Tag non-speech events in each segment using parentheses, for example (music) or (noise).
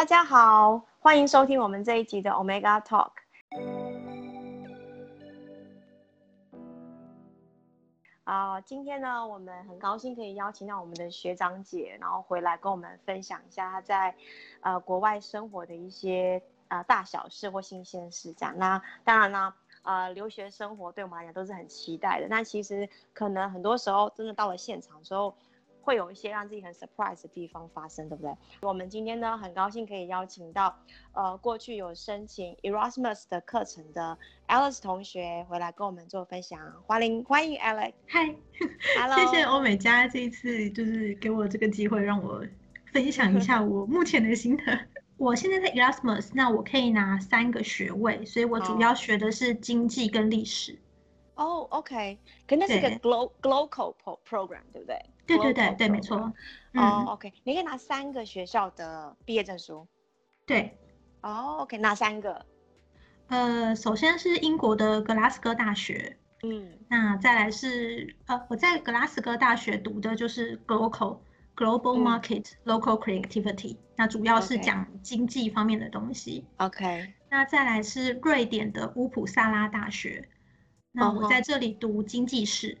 大家好，歡迎收聽我們這一集的 Omega Talk。啊、uh，今天呢，我們很高興可以邀請到我們的學長姐，然後回來跟我們分享一下她在、呃、國外生活的一些啊、呃、大小事或新鮮事。這樣，那當然呢、呃，留學生活對我們來講都是很期待的。但其實可能很多時候，真的到了現場之後，會有一些讓自己很 surprise 的地方發生，對不對？我們今天呢，很高興可以邀請到，呃，過去有申請 Erasmus 的課程的 Alice 同學回來跟我們做分享。歡迎，歡迎 Alice。Hi，Hello。謝謝歐美加這一次就是給我這個機會讓我分享一下我目前的心得。 (laughs) 我現在在 Erasmus，那我可以拿三個學位，所以我主要學的是經濟跟歷史。哦，Oh，OK，可是那是一個 Glo-Glocal program，對不對？對對對對，沒錯。哦、oh、OK、嗯、你可以拿三個學校的畢業證書。對。哦、oh、OK，拿三個？呃，首先是英國的格拉斯哥大學。嗯。那再來是呃，我在格拉斯哥大學讀的就是 Global Global Market、嗯、Local Creativity，那主要是講經濟方面的東西。OK。那再來是瑞典的烏普薩拉大學。那我在這裡讀經濟史。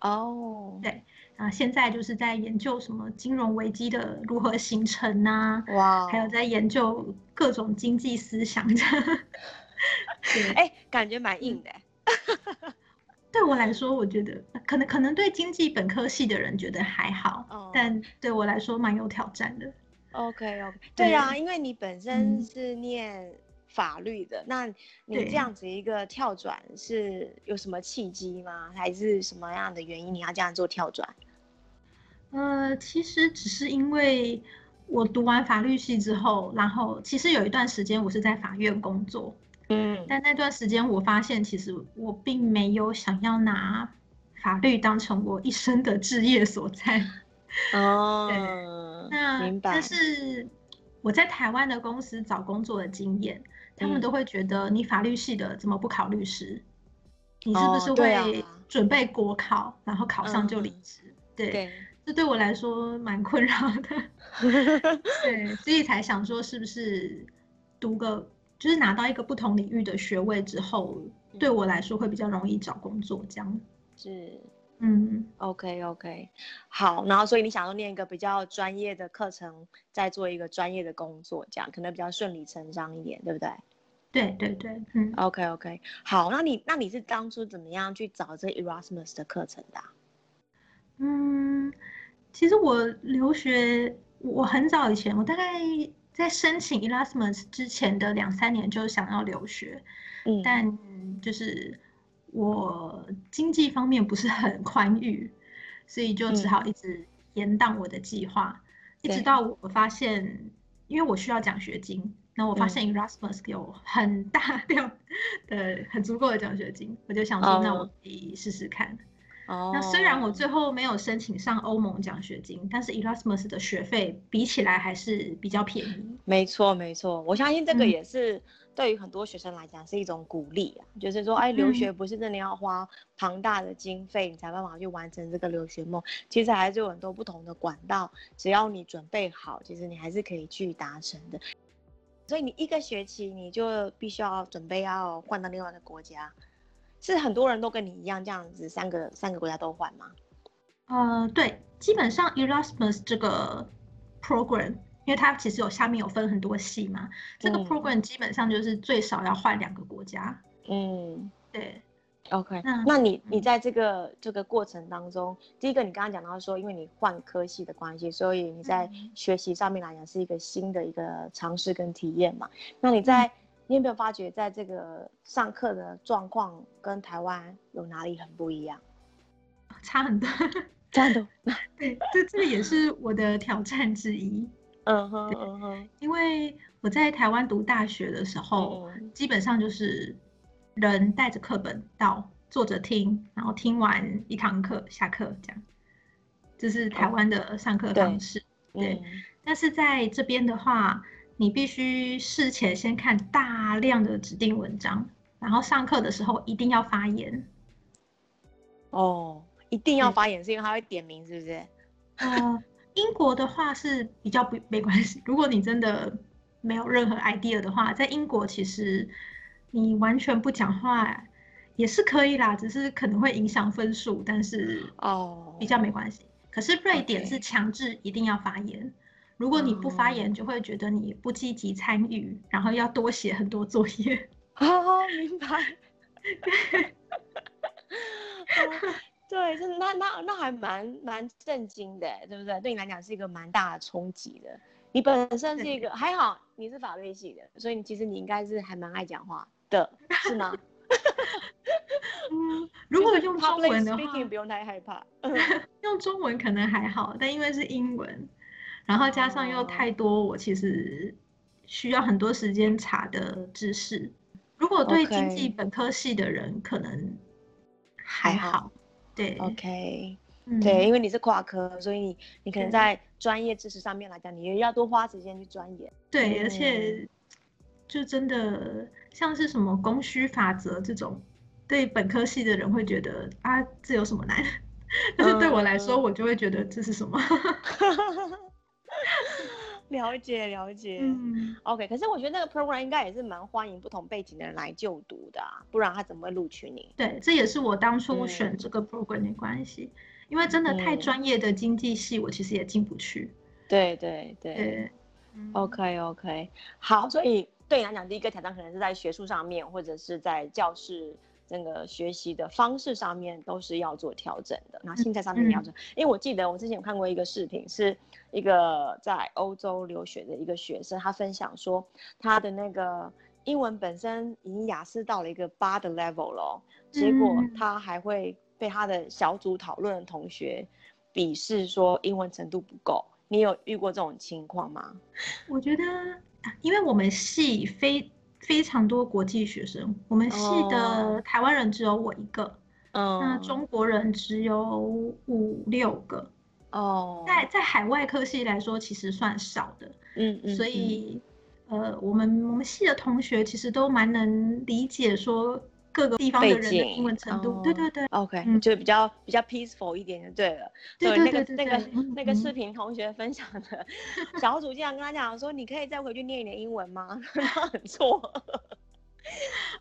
哦、嗯。對。啊，現在就是在研究什麼金融危機的如何形成啊哇，Wow. 還有在研究各種經濟思想、嗯，哎、欸，感覺蠻硬的、欸。嗯、 (laughs) 對我來說，我覺得可能可能對經濟本科系的人覺得還好，oh. 但對我來說蠻有挑戰的。OK OK，、嗯、對啊，因為你本身是念法律的，嗯、那你這樣子一個跳轉是有什麼契機嗎？對還是什麼樣的原因你要這樣做跳轉？呃，其實只是因為我讀完法律系之後，然後其實有一段時間我是在法院工作，嗯，但那段時間我發現其實我並沒有想要拿法律當成我一生的職業所在，哦， (laughs) 對，那，明白，但是我在台灣的公司找工作的經驗，嗯、他們都會覺得你法律系的怎麼不考律師？你是不是會準備國考，哦啊、然後考上就離職？嗯、對。這對我來說蠻困擾的， (laughs) 對，所以才想說是不是讀個，就是拿到一個不同領域的學位之後，嗯、對我來說會比較容易找工作這樣。是，嗯，OK OK，好，然後所以你想說念一個比較專業的課程，再做一個專業的工作，這樣可能比較順理成章一點，對不對？對對對，嗯，OK OK，好，那你那你是當初怎麼樣去找這 Erasmus 的課程的啊？嗯。其實我留學，我很早以前，我大概在申請 Erasmus 之前的兩三年就想要留學，嗯、但就是我經濟方面不是很寬裕，所以就只好一直延宕我的計劃，嗯、一直到我發現，對因為我需要獎學金，那我發現 Erasmus 給我很大量的、嗯、 (laughs) 很足夠的獎學金，我就想說，oh. 那我可以試試看。哦，那雖然我最後沒有申請上歐盟獎學金，但是 Erasmus 的學費比起來還是比較便宜沒錯。沒錯，沒錯，我相信這個也是對於很多學生來講是一種鼓勵啊，嗯，就是說，哎，留學不是真的要花龐大的經費你才辦法去完成這個留學夢，其實還是有很多不同的管道，只要你準備好，其實你還是可以去達成的。所以你一個學期你就必須要準備要換到另外一個國家。是很多人都跟你一樣這樣子，三個三個國家都換嗎？嗯、呃，對，基本上 Erasmus 這個 program，因為它其實有下面有分很多系嘛，嗯、這個 program 基本上就是最少要換兩個國家。嗯，對，OK 那，那那你你在這個這個過程當中，嗯、第一個你剛剛講到說，因為你換科系的關係，所以你在學習上面來講是一個新的一個嘗試跟體驗嘛。那你在、嗯你有沒有發覺，在這個上課的狀況跟台灣有哪裡很不一樣？差很多， (laughs) 真的。 (laughs) 對，這這個也是我的挑戰之一。嗯、uh，嗯、huh, uh huh. 對，因為我在台灣讀大學的時候，uh huh. 基本上就是人帶着課本到、uh huh. 坐着聽，然後聽完一堂課下課這樣，這、就是台灣的上課方式。Uh huh. 對，uh huh. 但是在這邊的話。你必須事前先看大量的指定文章，然後上課的時候一定要發言。哦，一定要發言是因為他會點名，嗯、是不是？嗯、呃，英國的話是比較不沒關係。如果你真的沒有任何 idea 的話，在英國其實你完全不講話也是可以啦，只是可能會影響分數，但是哦比較沒關係。哦、可是瑞典是強制一定要發言。Okay 如果你不發言，嗯、就會覺得你不積極參與，然後要多寫很多作業。哦，明白。 (laughs) (laughs) oh, 對，那那那還蠻蠻震驚的，對不對？對你來講是一個蠻大的衝擊的。你本身是一個是你還好，你是法律系的，所以其實你應該是還蠻愛講話的，是嗎？ (laughs) (laughs) 嗯、如果你用中文的話，不用太害怕。用中文可能還好，但因為是英文。然後加上又太多，我其實需要很多時間查的知識。如果對經濟本科系的人可能還好，okay. 對，OK，對，因為你是跨科，所以你你可能在專業知識上面來講，對你也要多花時間去鑽研。對，嗯、而且就真的像是什麼供需法則這種，對本科系的人會覺得啊，這有什麼難？但 (laughs) 是對我來說，我就會覺得這是什麼？ (laughs) (laughs) 了解了解，嗯，okay，可是我覺得那個 program 應該也是蠻歡迎不同背景的人來就讀的啊，不然他怎麼會錄取你？對，這也是我當初選這個 program 的關係，嗯，因為真的太專業的經濟系，嗯，我其實也進不去。對對對，對，對，嗯，OK OK。好，所以對你來講，第一個挑戰可能是在學術上面，或者是在教室。整個學習的方式上面都是要做調整的，然後心態上面也要調整。嗯、因為我記得我之前有看過一個視頻，嗯、是一個在歐洲留學的一個學生，他分享說他的那個英文本身已經雅思到了一個八的 level 了，嗯、結果他還會被他的小組討論的同學鄙視說英文程度不夠。你有遇過這種情況嗎？我覺得，因為我們系非。非常多國際學生，我們系的台灣人只有我一個，oh. Oh. 那中國人只有五六個哦，oh. Oh. 在在海外科系來說，其實算少的，嗯、mm，hmm. 所以，呃，我們我們系的同學其實都蠻能理解說。各個地方的人的英文程度，對對對，OK，就比較比較 peaceful 一點就對了。對那個那個那個視頻同學分享的小組，經常跟他講說：“你可以再回去念一點英文嗎？”他很錯，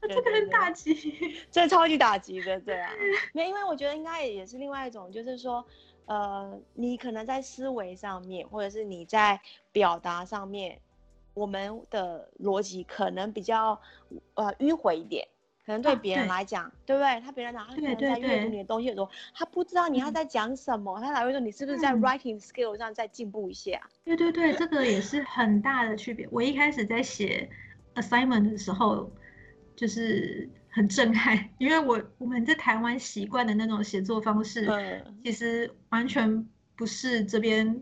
這個很打擊，這超級打擊的，對啊。沒，因為我覺得應該也是另外一種，就是說，呃，你可能在思維上面，或者是你在表達上面，我們的邏輯可能比較呃迂回一點。可能對別人來講，啊、對，對不對？他別人拿他可能在閱讀你的東西很多，對對對，他不知道你要在講什麼，嗯、他才會說你是不是在 writing skill、嗯、上再進步一些。啊？對對對，這個也是很大的區別。 (laughs) 我一開始在寫 assignment 的時候，就是很震撼，因為我我們在台灣習慣的那種寫作方式，對其實完全不是這邊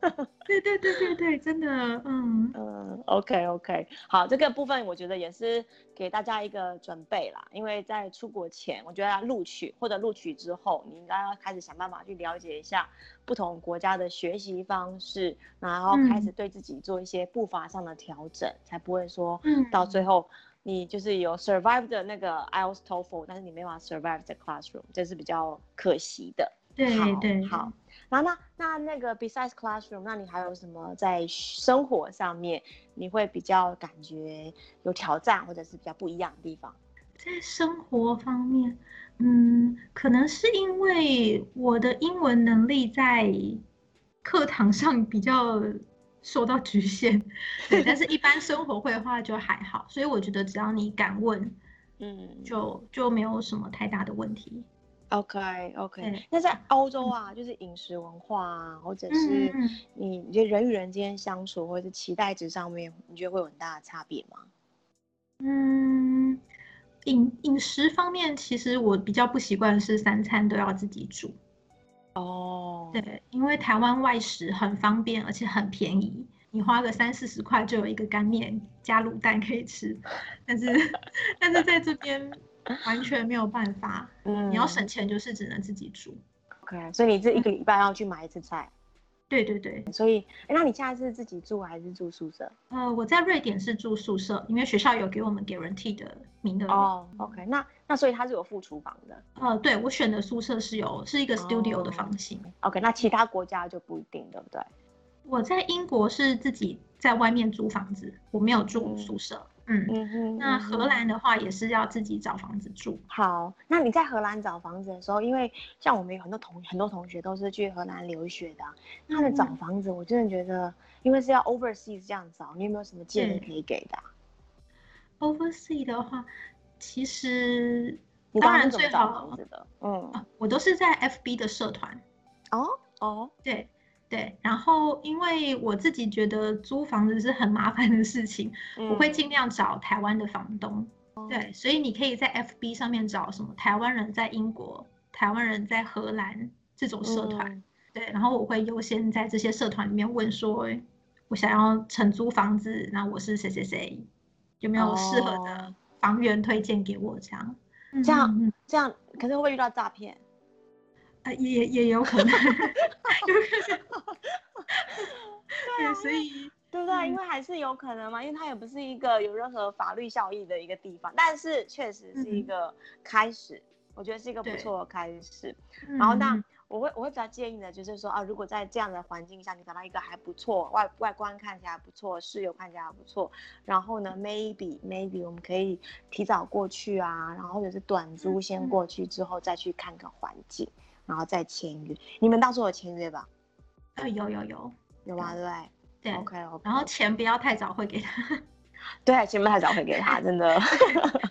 對 (laughs) 對對對對，真的，嗯嗯、呃、，OK OK，好，這個部分我覺得也是給大家一個準備啦，因為在出國前，我覺得要錄取或者錄取之後，你應該要開始想辦法去了解一下不同國家的學習方式，然後開始對自己做一些步伐上的調整，嗯、才不會說到最後、嗯、你就是有 survive 的那個 IELTS TOEFL，但是你沒辦法 survive the classroom，這是比較可惜的。對對，好。對好然後那那那那個 besides classroom，那你還有什麼在生活上面你會比較感覺有挑戰或者是比較不一樣的地方？在生活方面，嗯，可能是因為我的英文能力在課堂上比較受到局限，對，但是一般生活會話就還好。所以我覺得只要你敢問，嗯，就就沒有什麼太大的問題。OK OK，那在歐洲啊，嗯、就是飲食文化啊，或者是你、嗯、你覺得人與人之間相處，或者是期待值上面，你覺得會有很大的差別嗎？嗯，飲飲食方面，其實我比較不習慣是三餐都要自己煮。哦，對，因為台灣外食很方便，而且很便宜，你花個三四十塊就有一個乾麵加滷蛋可以吃。但是， (laughs) 但是在這邊。 (laughs) 完全沒有辦法，嗯，你要省錢就是只能自己煮。OK，所以你這一個禮拜要去買一次菜。嗯、對對對，所以那你現在是自己住還是住宿舍？呃，我在瑞典是住宿舍，因為學校有給我們 guarantee 的名額。哦、oh，OK，那那所以它是有附廚房的。呃，對，我選的宿舍是有是一個 studio 的房型。Oh, OK，那其他國家就不一定，對不對？我在英國是自己在外面租房子，我沒有住宿舍。嗯嗯嗯嗯，嗯哼嗯哼，那荷蘭的話也是要自己找房子住。好，那你在荷蘭找房子的時候，因為像我們有很多同很多同學都是去荷蘭留學的，嗯、哼他的找房子，我真的覺得，因為是要 overseas 這樣找，你有沒有什麼建議可以給的？Overseas 的話，其實我當然最早找房子的，嗯、啊哦，我都是在 FB 的社團。哦哦，對。對，然後因為我自己覺得租房子是很麻煩的事情，我會盡量找台灣的房東。嗯、對，所以你可以在 FB 上面找什麼台灣人在英國、台灣人在荷蘭這種社團。嗯、對，然後我會優先在這些社團裡面問說，我想要承租房子，那我是誰誰誰，有沒有適合的房源推薦給我？這樣，哦嗯、這樣，這樣，可是會不會遇到詐騙？也也有可能，對，所以對不對？因為，因為還是有可能嘛，嗯、因為它也不是一個有任何法律效益的一個地方。但是確實是一個開始，嗯、我覺得是一個不錯的開始。對然後那、嗯、我會我會比較建議的就是說啊，如果在這樣的環境下，你找到一個還不錯外外觀看起來不錯，室友看起來不錯，然後呢 maybe，maybe maybe 我們可以提早過去啊，然後或者是短租先過去，之後再去、嗯、再去看看環境。然後再簽約，你們到時候有簽約吧？呃、有有有有啊吧，有對對，OK, okay。然後錢不要太早會給他，對，錢不要太早會給他，真的。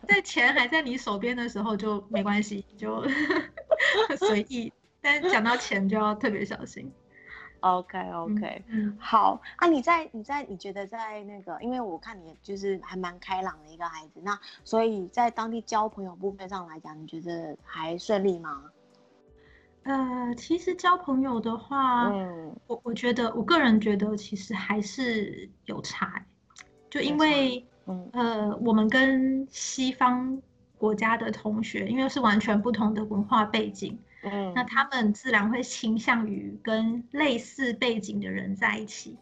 在錢還在你手邊的時候就沒關係， (laughs) 就隨意。 (laughs) 但講到錢就要特別小心。OK OK，嗯，好啊你。你在你在你覺得在那個，因為我看你就是還蠻開朗的一個孩子，那所以在當地交朋友部分上來講，你覺得還順利嗎？呃，其實交朋友的話，嗯、我我覺得我個人覺得其實還是有差，欸，就因為、嗯、呃，我們跟西方國家的同學，因為是完全不同的文化背景，嗯，那他們自然會傾向於跟類似背景的人在一起，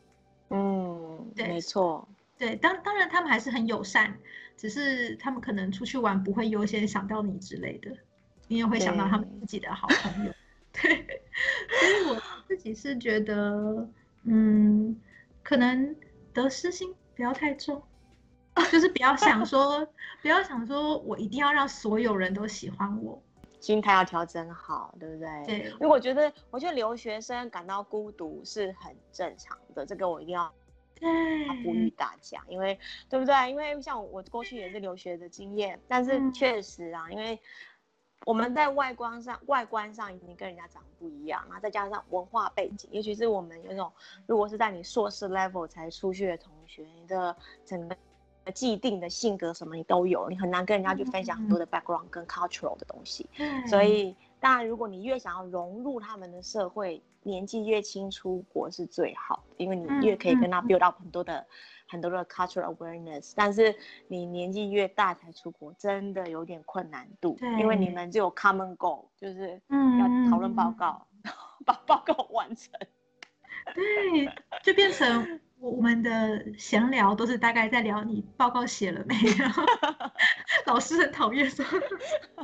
嗯，對，沒錯，對，當當然他們還是很友善，只是他們可能出去玩不會優先想到你之類的，因為會想到他們自己的好朋友。所以我自己是覺得， (laughs) 嗯，可能得失心不要太重，就是不要想說， (laughs) 不要想說我一定要讓所有人都喜歡我，心態要調整好，對不對？對。因為我覺得，我覺得留學生感到孤獨是很正常的，這個我一定要呼籲大家，因為對不對？因為像我，我過去也是留學的經驗，但是確實啊，嗯，因為。我們在外觀上，外觀上已經跟人家長不一樣，然後再加上文化背景，尤其是我們有一種，如果是在你碩士 level 才出去的同學，你的整個既定的性格什麼你都有，你很難跟人家去分享很多的 background 跟 cultural 的東西，所以。嗯當然，但如果你越想要融入他們的社會，年紀越輕出國是最好，因為你越可以跟他 build up 很多的，嗯嗯、很多的 cultural awareness。但是你年紀越大才出國，真的有點困難度，對因為你們只有 common goal，就是嗯要討論報告，嗯，把報告完成，對，就變成。 (laughs) 我，我們的閒聊都是大概在聊你報告寫了沒有， (laughs) 老師很討厭說。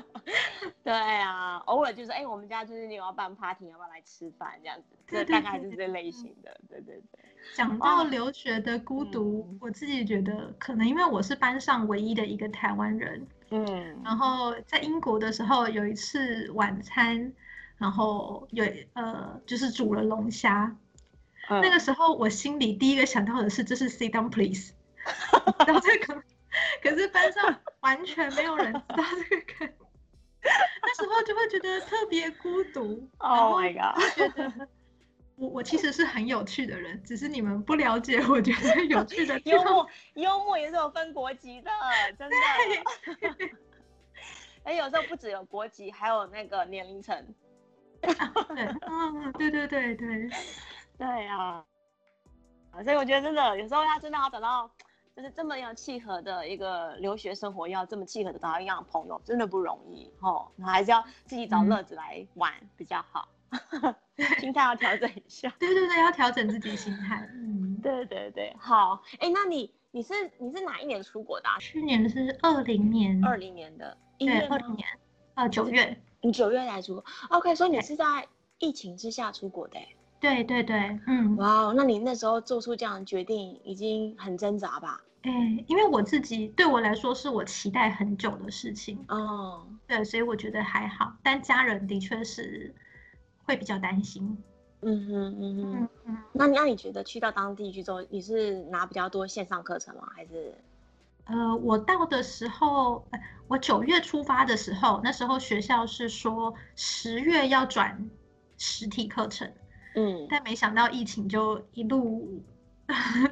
(laughs) 對啊，偶爾就是哎、欸，我們家最近你要辦 party，要不要來吃飯？這樣子，對對對對這大概就是這類型的。對對對，對，講到留學的孤獨，哦、我自己覺得可能因為我是班上唯一的一個台灣人。嗯。然後在英國的時候，有一次晚餐，然後有呃，就是煮了龍蝦。那個時候，我心裡第一個想到的是，這是 Sit down, please。然後這個，可是班上完全沒有人知道這個梗。 (laughs) 那時候就會覺得特別孤獨。Oh my god！我覺得， (laughs) 我我其實是很有趣的人，只是你們不了解。我覺得有趣的、就是、幽默，幽默也是有分國籍的，真的。哎、 (laughs) 欸，有時候不只有國籍，還有那個年齡層。 (laughs) 啊、對，嗯，對對對對。對啊，所以我覺得真的有時候他真的要找到，就是這麼要契合的一個留學生活，要這麼契合的找到一樣的朋友，真的不容易吼。然後還是要自己找樂子來玩、嗯、比較好， (laughs) 心態要調整一下。對對對，要調整自己心態。嗯， (laughs) 對對對，好。哎，那你你是你是哪一年出國的、啊？去年是二零年，二零年的對，二零年啊呃、九月，你九月來出國。OK，okay。所以你是在疫情之下出國的、欸。對對對，嗯，哇，Wow, 那你那時候做出這樣的決定，已經很掙扎吧？哎、欸，因為我自己對我來說，是我期待很久的事情。哦，Oh. 對，所以我覺得還好，但家人的確是會比較擔心。嗯哼嗯哼嗯嗯哼。那你那你覺得去到當地去做，你是拿比較多線上課程嗎？還是？呃，我到的時候，我九月出發的時候，那時候學校是說十月要轉實體課程。嗯，但沒想到疫情就一路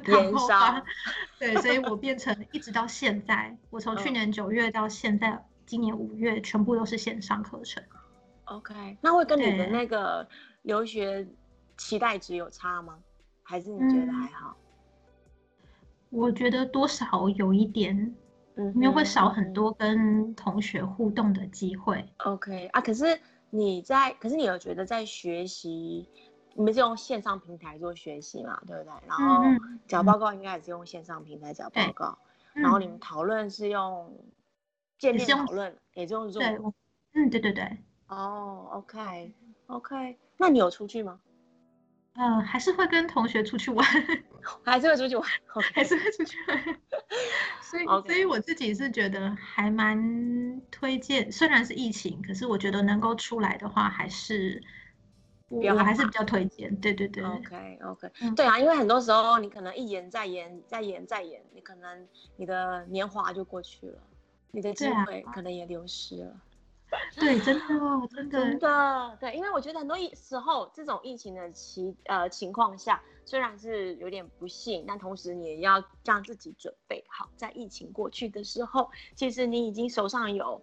延燒， (laughs) 後年少 (laughs) 對，所以我變成一直到現在，我從去年九月到現在、嗯、今年五月，全部都是線上課程。OK，那會跟你的那個留學期待值有差嗎？對還是你覺得還好、嗯？我覺得多少有一點，嗯、哼因為會少很多跟同學互動的機會。OK，啊，可是你在，可是你有覺得在學習？你們是用線上平台做學習嘛，對不對？然後講報告應該也是用線上平台講報告，嗯、然後你們討論是用見面討論，也是用，也是用對，嗯，對對對，哦，OK，OK，、okay. Okay. 那你有出去嗎？嗯、呃，還是會跟同學出去玩， (laughs) 還是會出去玩，okay. 還是會出去玩， (laughs) 所以 Okay. 所以我自己是覺得還蠻推薦，雖然是疫情，可是我覺得能夠出來的話還是。比還是比較推薦，對對對。OK OK，、嗯、對啊，因為很多時候你可能一延再延，再延再延，你可能你的年華就過去了，你的機會可能也流失了。對，啊、 (laughs) 對，真的、哦，真的，真的，對，因為我覺得很多時候這種疫情的其呃情況下，雖然是有點不幸，但同時你也要讓自己準備好，在疫情過去的時候，其實你已經手上有。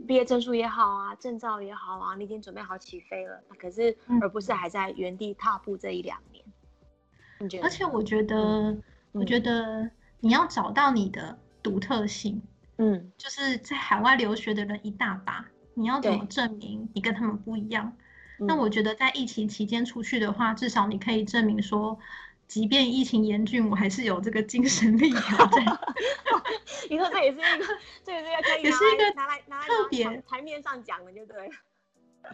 畢業證書也好啊，證照也好啊，你已經準備好起飛了。可是，而不是還在原地踏步這一兩年。嗯、你覺得？而且我覺得，嗯、我覺得你要找到你的獨特性。嗯，就是在海外留學的人一大把，你要怎麼證明你跟他們不一樣？對那我覺得在疫情期間出去的話，至少你可以證明說。即便疫情嚴峻，我還是有這個精神力挑戰。 (laughs) 你說這也是一個， (laughs) 這個，也是一個拿來拿來特別台面上講的，就對。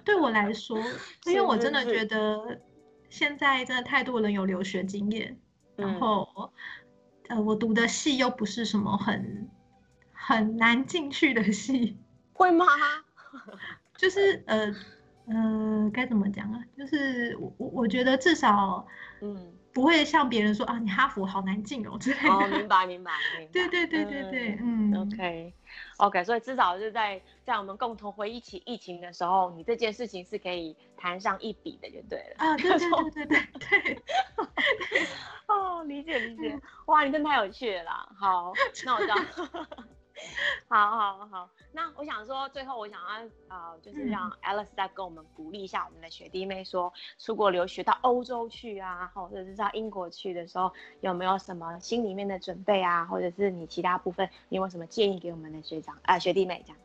對我來說，因為我真的覺得現在真的太多人有留學經驗，然後、嗯、呃，我讀的系又不是什麼很很難進去的系，會嗎？ (laughs) 就是呃呃，該、呃、怎麼講啊？就是我我覺得至少嗯。不會像別人說啊，你哈佛好難進哦哦，明白明白。明白對對對對對，嗯。嗯、OK，OK，、Okay. Okay, 所以至少是在在我們共同回憶起疫情的時候，你這件事情是可以談上一筆的，就對了。嗯、啊，對對對對對,對。 (laughs) 對哦，理解理解。嗯、哇，你真的太有趣了。好，那我講。 (laughs) 好好好，那我想說，最後我想要啊、呃，就是讓 Alice 再跟我們鼓勵一下我們的學弟妹說，說出國留學到歐洲去啊，或者是到英國去的時候，有沒有什麼心裡面的準備啊，或者是你其他部分，你有沒有什麼建議給我們的學長啊、呃、學弟妹這樣？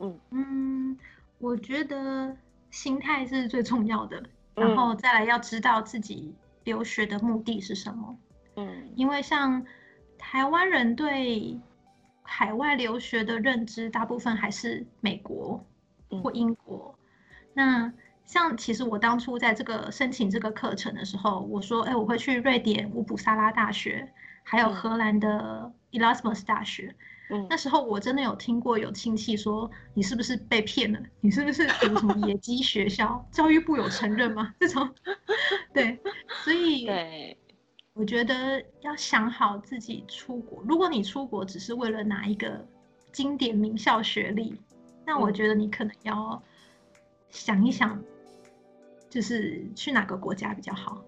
嗯嗯，我覺得心態是最重要的，然後再來要知道自己留學的目的是什麼。嗯，因為像台灣人對。海外留學的認知，大部分還是美國或英國。嗯、那像，其實我當初在這個申請這個課程的時候，我說：“哎、欸，我會去瑞典烏普薩拉大學，還有荷蘭的伊拉斯莫斯大學。嗯”那時候我真的有聽過有親戚說：“嗯、你是不是被騙了？你是不是讀什麼野雞學校？ (laughs) 教育部有承認嗎？”這種，對，所以。我覺得要想好自己出國，如果你出國只是為了拿一個經典名校學歷，那我覺得你可能要想一想，就是去哪個國家比較好。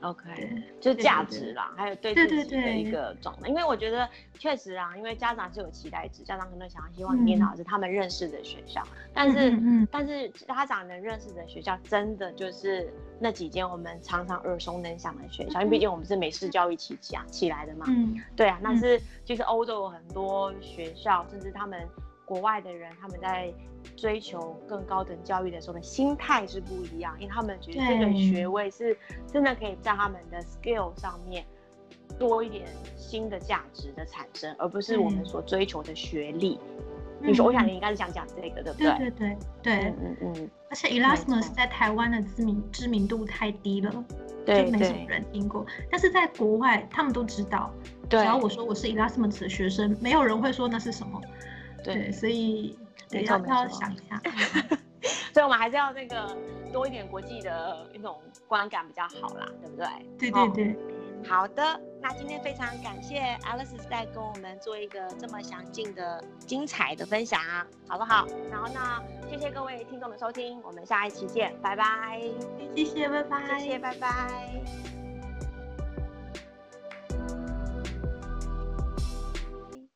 OK，對就是價值啦，對對對，還有對自己的一個狀態。對對對，因為我覺得確實啊，因為家長是有期待值，家長可能想要希望念到是他們認識的學校，嗯、但是、嗯、但是家長能認識的學校，真的就是那幾間我們常常耳熟能詳的學校，嗯、因為畢竟我們是美式教育起起、嗯、起來的嘛，嗯，對啊，嗯、那是就是歐洲有很多學校，甚至他們，國外的人他們，在追求更高等教育的時候的心態是不一樣，因為他們覺得這個學位是真的可以在他們的 skill 上面多一點新的價值的產生，而不是我們所追求的學歷。嗯、你說，我想你應該是想講這個，嗯、對不對？對對對對嗯嗯。嗯嗯，而且 Erasmus 在台灣的知名知名度太低了，對，對，對就沒什麼人聽過。但是在國外，他們都知道。對只要我說我是 Erasmus 的學生，沒有人會說那是什麼。對，對對，所以我不錯要想一下？ (laughs) 所以，我們還是要那、這個多一點國際的一種觀感比較好啦，對不對？對對對、哦，好的。那今天非常感謝 Alice 在跟我們做一個這麼詳盡的精彩的分享、啊，好不好？然後呢，謝謝各位聽眾的收聽，我們下一期見，拜拜。謝謝，拜拜。謝謝，拜拜。